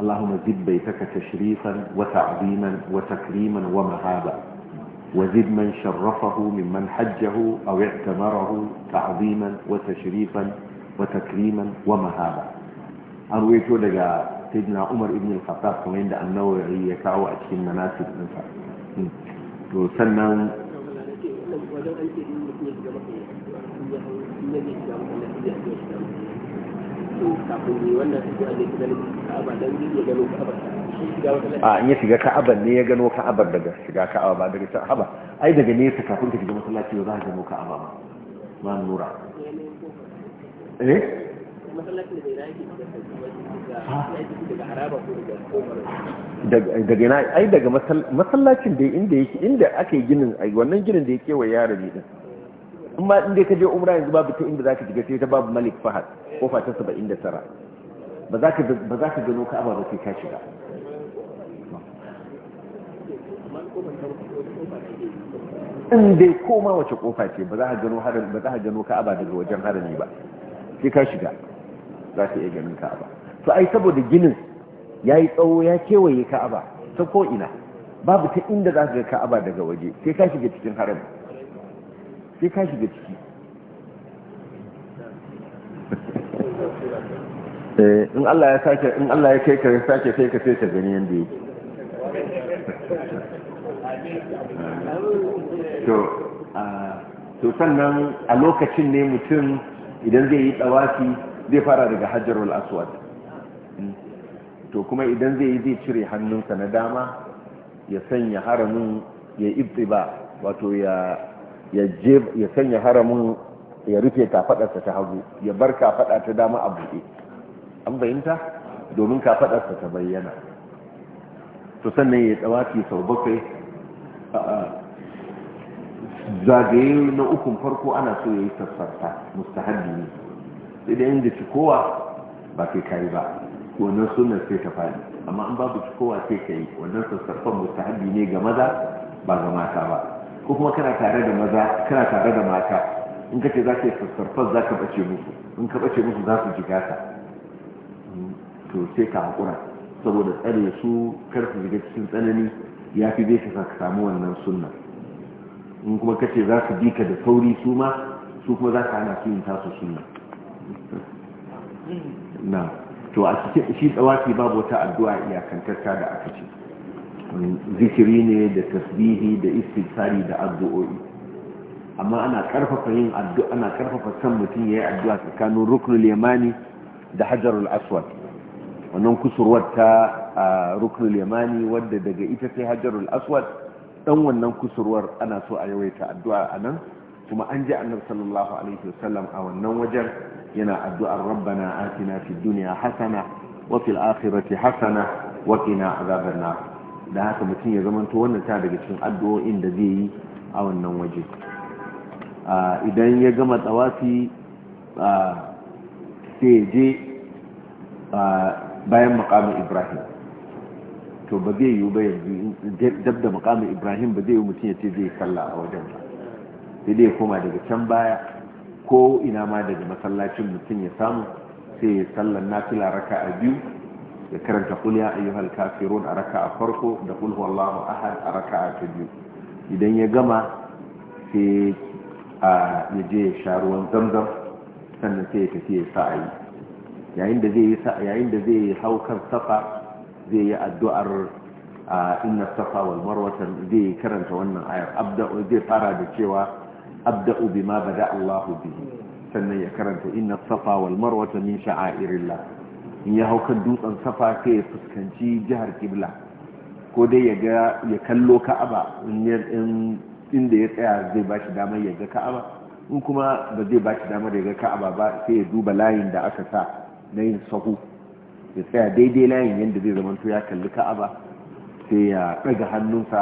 S1: اللهم زد بيتك تشريفا وتعظيما وتكريما ومهابا وزد من شرفه ممن حجه أو اعتمره تعظيما وتشريفا وتكريما ومهابا أرويت لك سيدنا عمر بن الخطاب عند النووي هي أشكي في المناسب وسنن
S2: ولو أنت a
S1: in yi shiga ka'abar ne ya gano ka'abar daga shiga ka'abar ba daga sahaba ai daga nesa kafin ka shiga masallaci za a gano ka'abar ba ma nura eh daga na ai daga masallacin da inda ake ginin wannan ginin da ya kewaye yaron ne din in inda ka je umra yanzu babu ta inda za ka sai ta babu malik fahad kofa ta saba'in da tara ba za ka gano ka'aba ba sai ka shiga in dai koma wace kofa ce ba za ka gano ba za ka gano ka'aba daga wajen harami ba sai ka shiga za ka iya ganin ka'aba su ai saboda ginin yi tsawo ya kewaye ka'aba ta ko ina babu ta inda za ka ga ka'aba daga waje sai ka shiga cikin harami sai ka shiga ciki eh, in Allah ya sake in Allah ya kai ka sake sai ka sai ka gani yanda yake to to sannan a lokacin ne mutum idan zai yi tsawafi zai fara daga hajjarul aswad hmm. to kuma idan zai yi zai cire hannunsa na dama ya sanya haramin ya ibtiba wato ya ya sanya haramun ya rufe kafadarsa ta hagu ya bar kafada ta dama a buɗe an bayinta domin kafadarsa ta bayyana to sannan ya tsawafi sau bakwai zagaye na ukun farko ana so ya yi sassarta mustahabi ne sai da inda cikowa ba kai kayi ba wannan sunan sai ta faɗi amma an babu cikowa sai ka yi wannan sassarfan mustahabi ne ga maza ba ga mata ba ko kuma kana tare da maza kana tare da mata in kace za ka yi sassarfar za ka bace musu in ka bace musu za su ji gasa to sai ka haƙura saboda tsare su kar su jiga cikin tsanani ya fi zai ka samu wannan sunna in kuma kace za su bi ka da sauri su ma su kuma za ka hana su yin tasu sunna na to a cikin shi tsawaki babu wata addu'a iyakantarta da aka ce zikiri ne da tasbihi da istighfari da addu'o'i amma ana karfafa yin addu'a ana karfafa san mutum yayi addu'a tsakanin ruknul yamani da hajarul aswad wannan kusurwar ta ruknul yamani wadda daga ita sai hajarul aswad dan wannan kusurwar ana so a yawaita addu'a anan kuma an ji annabi sallallahu alaihi wasallam a wannan wajen yana addu'ar rabbana atina fid dunya hasana wa fil akhirati hasana wa qina adhaban da haka mutum ya zamanto wannan ta daga cikin addu'o'in da zai yi a wannan waje idan ya gama tsawafi sai je bayan makamin ibrahim to ba zai yiwu ba dab da makamin ibrahim ba zai yi mutum ya ce zai salla a wajen ba sai dai koma daga can baya ko ina ma daga masallacin mutum ya samu sai ya sallar nafila raka a biyu ya karanta kul ya ayyuhal kafirun a raka a farko da kul huwallahu ahad a raka'a ta biyu idan ya gama sai ya je ya sha ruwan zamzam sannan sai ya tafi ya sa'ayi yayin da zai yi da hau kan safa zai yi addu'ar inna safa wal marwata zai karanta wannan ayar abda'u zai fara da cewa abda'u bima bada Allahu bihi sannan ya karanta inna safa wal marwata min sha'airillah in ya hau kan dutsen safa sai ya fuskanci jihar kibla ko dai ya ga ya kallo ka'aba in inda ya tsaya zai ba shi damar ya ga ka'aba in kuma ba zai ba shi damar ya ga ka'aba ba sai ya duba layin da aka sa na yin sahu ya tsaya daidai layin yadda zai zama ya kalli ka'aba sai ya ɗaga hannunsa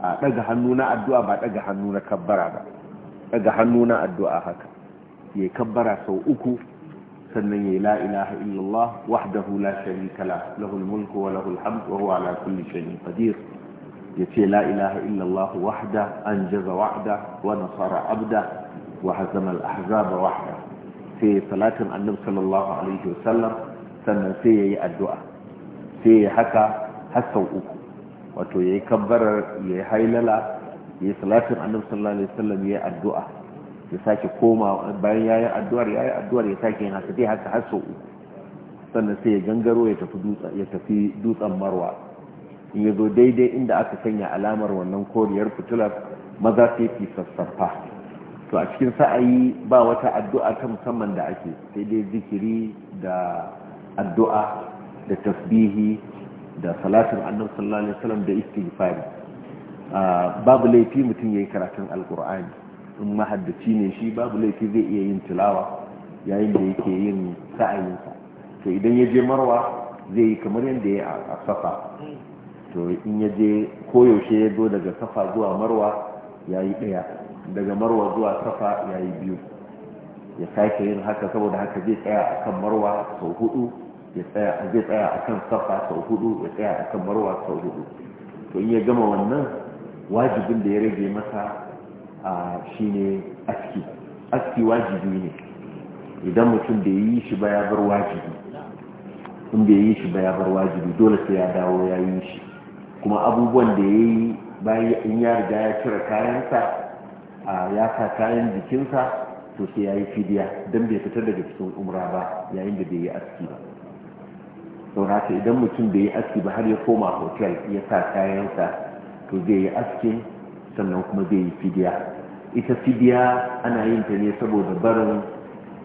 S1: a ɗaga hannu na addu'a ba ɗaga hannu na kabbara ba ɗaga hannu na addu'a haka ya kabbara sau uku سمي لا إله إلا الله وحده لا شريك له له الملك وله الحمد وهو على كل شيء قدير يتي لا إله إلا الله وحده أنجز وحده ونصر عبده وهزم الأحزاب وحده في صلاة النبي صلى الله عليه وسلم سنسي الدعاء في حكا حسو أكو وتو يكبر يهيللا في صلاة النبي صلى الله عليه وسلم يأدعى ya sake koma bayan yi addu'ar yi addu'ar ya sake yana tafi haka har sau sannan sai ya gangaro ya tafi dutsen ya tafi dutsen marwa in ya zo daidai inda aka sanya alamar wannan koriyar fitilar maza sai ki sassafa to a cikin sa'ayi ba wata addu'a ta musamman da ake sai dai zikiri da addu'a da tasbihi da salatin annabi sallallahu alaihi wasallam da istighfar ah, babu laifi mutum yayi karatun alqur'ani in mahaddaci ne shi babu laifi zai iya yin tilawa yayin da yake yin sa'ayinsa to idan ya je marwa zai yi kamar yadda ya a safa to in ya je koyaushe ya zo daga safa zuwa marwa ya yi ɗaya daga marwa zuwa safa ya yi biyu ya sake yin haka saboda haka zai tsaya a kan marwa sau hudu zai tsaya a kan safa sau hudu ya tsaya a kan marwa sau hudu to in ya gama wannan wajibin da ya rage masa shi ne aski aski wajibi ne idan mutum da yi shi ba ya bar wajibi in da yi shi ba ya bar wajibi dole sai ya dawo ya yi shi kuma abubuwan da ya yi bayan in ya riga ya cire kayansa ya sa kayan jikinsa to sai ya yi fidiya don bai fitar daga cikin umra ba yayin da bai yi aski ba saurata idan mutum bai yi aski ba har ya koma hotel ya sa kayansa to zai yi askin sannan kuma zai yi fidiya ita fidiya ana yin ta ne saboda barin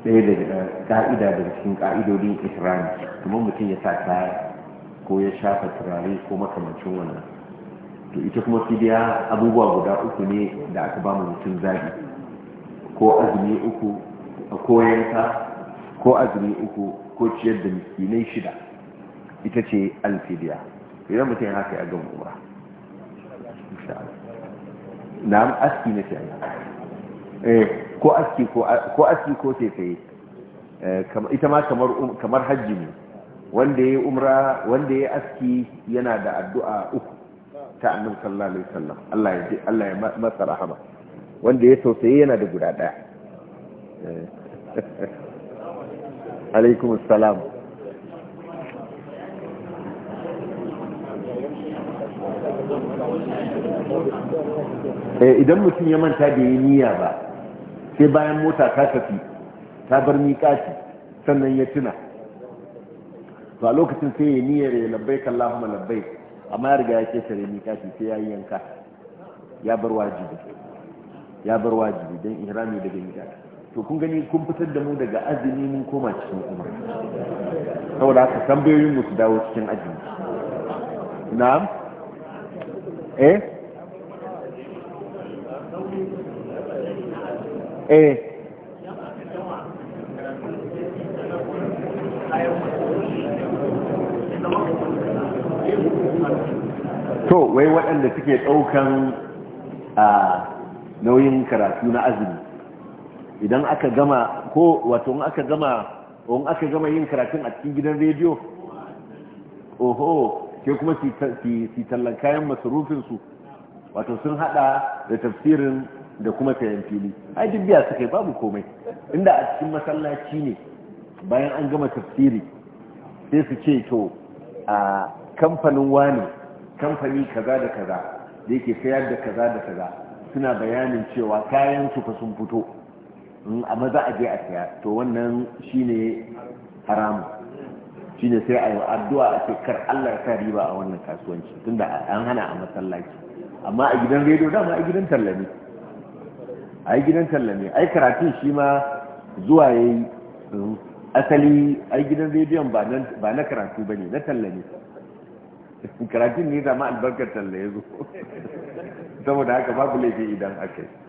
S1: ɗaya daga ka'ida daga cikin ka'idodin ihrami kuma mutum ya sa kaya ko ya shafa turare ko makamancin wannan to ita kuma fidiya abubuwa guda uku ne da aka ba mu mutum zaɓi ko azumi uku ko yanka ko azumi uku ko ciyar da miskinai shida ita ce alfidiya idan mutum ya haka ya gama umra nam aski na fiye eh, ko aski ko aski ko tefaye eh, ita ma um, kamar hajji ne wanda ya umra wanda ya aski yana da addu'a uku ta annabi sallallahu alaihi wasallam Allah ya Allah ya masa rahama wanda ya tausayi yana da guda daya eh. alaikum Eh, idan mutum ya manta da yi niyya ba sai bayan mota ta tafi ta bar miƙaci sannan ya tuna to a lokacin sai ya niyyar ya labbai kallahuma labbai amma ya riga ya miƙa miƙaci sai ya yi yanka ya bar wajibi ya bar wajibi don ihrami daga miƙaci to kun gani kun fitar da mu daga azumi mun koma cikin umar saboda haka tambayoyin mu su dawo cikin azumi na'am eh Eh. to wai waɗanda suke ɗaukan a nauyin karatu na azumi idan aka gama ko wato aka gama wani aka gama yin karatun a cikin gidan rediyo oho ke kuma si tallan kayan masarufinsu wato sun hada da tafsirin da kuma sayan fili ai duk biya suka yi babu komai inda a cikin masallaci ne bayan an gama tafsiri sai su ce to a kamfanin wani kamfani kaza da kaza da yake sayar da kaza da kaza suna bayanin cewa kayan su fa sun fito a maza a je a saya to wannan shine haramu shine sai a yi addu'a a ce kar Allah ya sa riba a wannan kasuwanci tunda an hana a masallaci amma a gidan rediyo dama a gidan tallami yi gidan talla ai karatun shi ma zuwa ya yi asali yi gidan rediyon ba na karatu ba ne na talla karatun ne zama albarkar talla ya zo saboda haka babu laifi idan aka yi